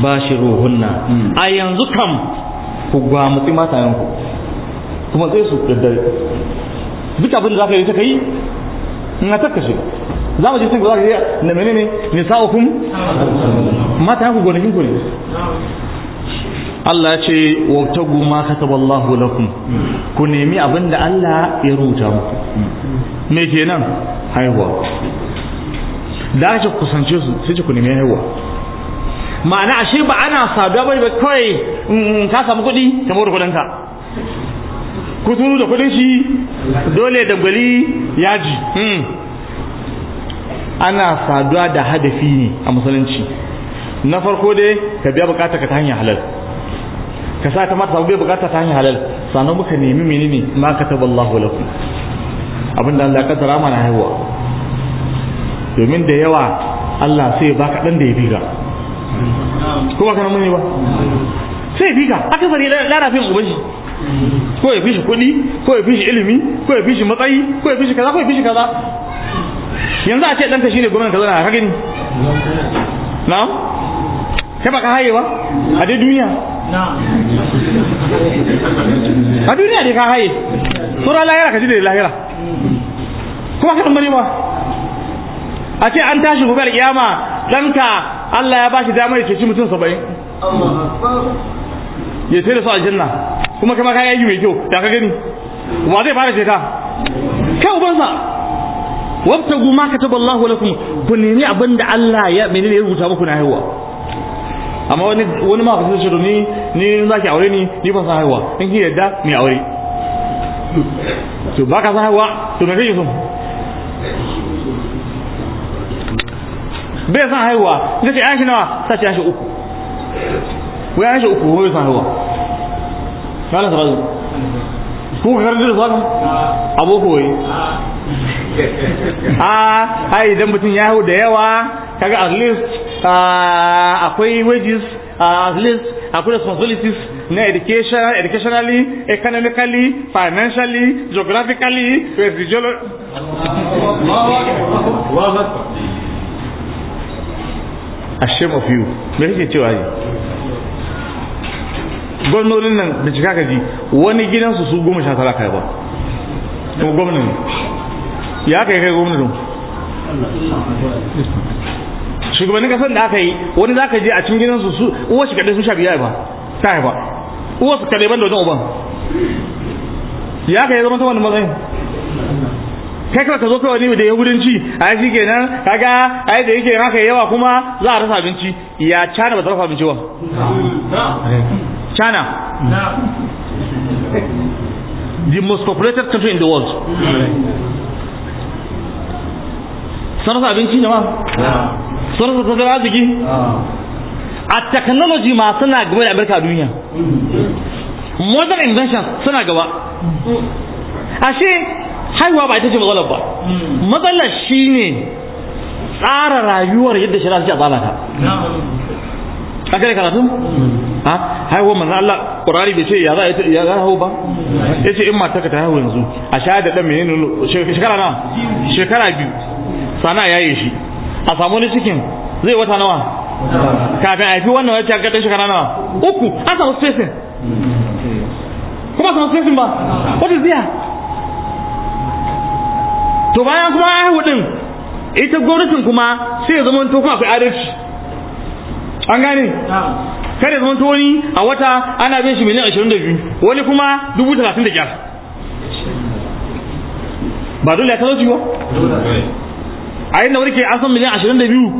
bashiruhunna. ruhunna a yanzu kam ku gwamuti yanku. kuma sai su daddare duk abin da zaka yi ta kai na ta kashe za mu ji sun za ka yi na menene nisa'ukum mata ku gonakin ku ne Allah ya ce tagu ma kataballahu lakum ku nemi abin da Allah ya rubuta muku me kenan haihuwa da ake kusance su sai ku nemi haihuwa ma'ana ashe ba ana saduwa bai ba kawai ka samu kuɗi ka mora kuɗinka kuturu da kudin shi dole da gwali yaji hmm. ana saduwa da hadafi ne a musulunci na farko dai ka biya bukata ka ta hanyar halal ka sa ta mata biya bukata ta hanyar halal sannan muka nemi mini ne ma ka taba Allahu lakum abin da Allah kaddara mana haihuwa domin da yawa Allah sai ya baka dan da ya biga kuma ba kana muni ba sai biga aka bari fi ubashi ko ya fi shi kuɗi ko ya fi shi ilimi ko ya fi shi matsayi ko ya fi shi kaza ko ya fi shi kaza yanzu a ce ɗanka shine gwamnan kaza na hagin na'am kai baka hayewa a dai duniya a duniya dai ka haye sura lahira ka ji da lahira kuma kan bane ba a ce an tashi gobe kiyama ɗanka Allah ya bashi damar ya ceci mutum saba'in ya sai da su aljanna kuma kama kayan yi mai kyau da ka gani ba zai fara sheka kai ubansa guma ka taba Allah kuma ku nemi abin da Allah ya menene ya rubuta muku na haihuwa amma wani wani ma ka ce ni ni zaki aure ni ni ba sa haihuwa in ki yadda mai aure to baka san haihuwa to me kake so bai san haihuwa ce ya shi nawa sace shi uku ويعيش أكله ويسمع هو فعلا ترى كم غير ذلك صالح أبوك هو آه هاي إذا متن ياهو ديوا كاكا at least akwai wages at least akwai responsibilities na education educationally economically financially geographically A shame of you me kake cewa yi gwamnonin nan da cika kaji wani gidansu su goma sha tara kai ba kuma gwamnan ya kai kai gwamnan shugabannin kasar da aka yi wani za ka je a cikin gidansu su uwa shi kaɗai su sha biya ba ta haifa uwa su kaɗai ban da wajen uban ya kai zama ta wani matsayin kai kawai ka zo kawai ne da yahudanci a shi kenan kaga yi da yake haka yawa kuma za a rasa abinci ya cana ba ta rasa abinci ba China. The most populated country in the world. Sun abinci ne ma? Sun rasa tattalin arziki? A technology ma suna gaba da Amurka duniya. Modern invention suna gaba. Ashe haihuwa ba ita ce matsalar ba. Matsalar shi ne tsara rayuwar yadda shi ce ya tsara ta. ka gane karatu ha haihuwa manzan Allah ƙurari bai ce ya za ya za ba ya ce in ma ta haihu yanzu a sha da ɗan menene shekara nawa shekara biyu sana yaye shi a samu wani cikin zai wata nawa kafin a haifi wannan wacce ga ɗan shekara nawa uku an samu spacing kuma samu spacing ba Wata ziya to bayan kuma haihu ɗin, ita gwamnatin kuma sai ya zama to kuma akwai adalci an gane kada zaman to a wata ana bin shi miliyan biyu. wani kuma dubu talatin da kyar ba dole ya talauci ba a yadda wani ke an san miliyan biyu?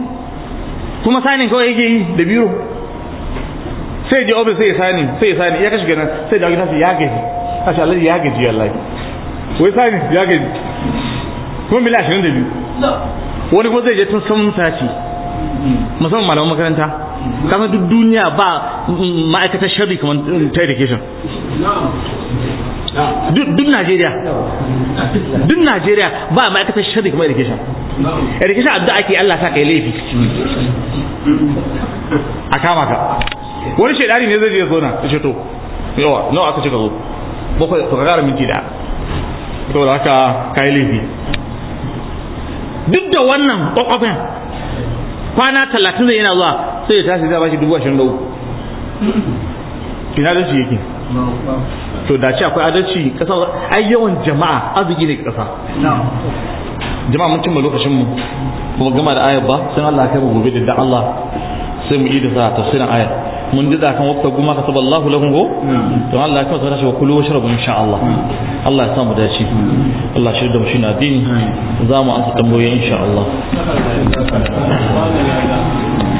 kuma sanin kawai yake yi da biyu? sai je ofis sai ya sani sai ya sani ya kashi ganin sai da gina ya gaji kashi Allah ya gaji wai sani ya gaji kuma miliyan biyu. wani kuma zai je tun samun sati musamman malaman makaranta kasan duk duniya ba ma'aikatar shari kamar ta education duk najeriya duk najeriya ba ma'aikatar shari kamar education education da ake allah sa kai laifi a kama ka wani shaidari ne zai je zo nan ya ce to yawa nawa aka ce ka zo bakwai to ka gara minti da saboda kai laifi duk da wannan kwakwafin kwana talatin zai yana zuwa sai ya tashi zai bashi dubu ashirin da uku ina adalci yake to da ce akwai adalci kasa ai yawan jama'a arziki ne kasa jama'a mun cimma lokacin mu kuma gama da ayar ba sai Allah ya kai mu gobe da Allah sai mu yi da sa tafsirin ayar mun ji kan wata guma ka saba Allahu lahum go to Allah ya kawo tashi wa kulu washrabu insha Allah Allah ya sa mu dace Allah shi da mu shine addini za mu amsa tambayoyi insha Allah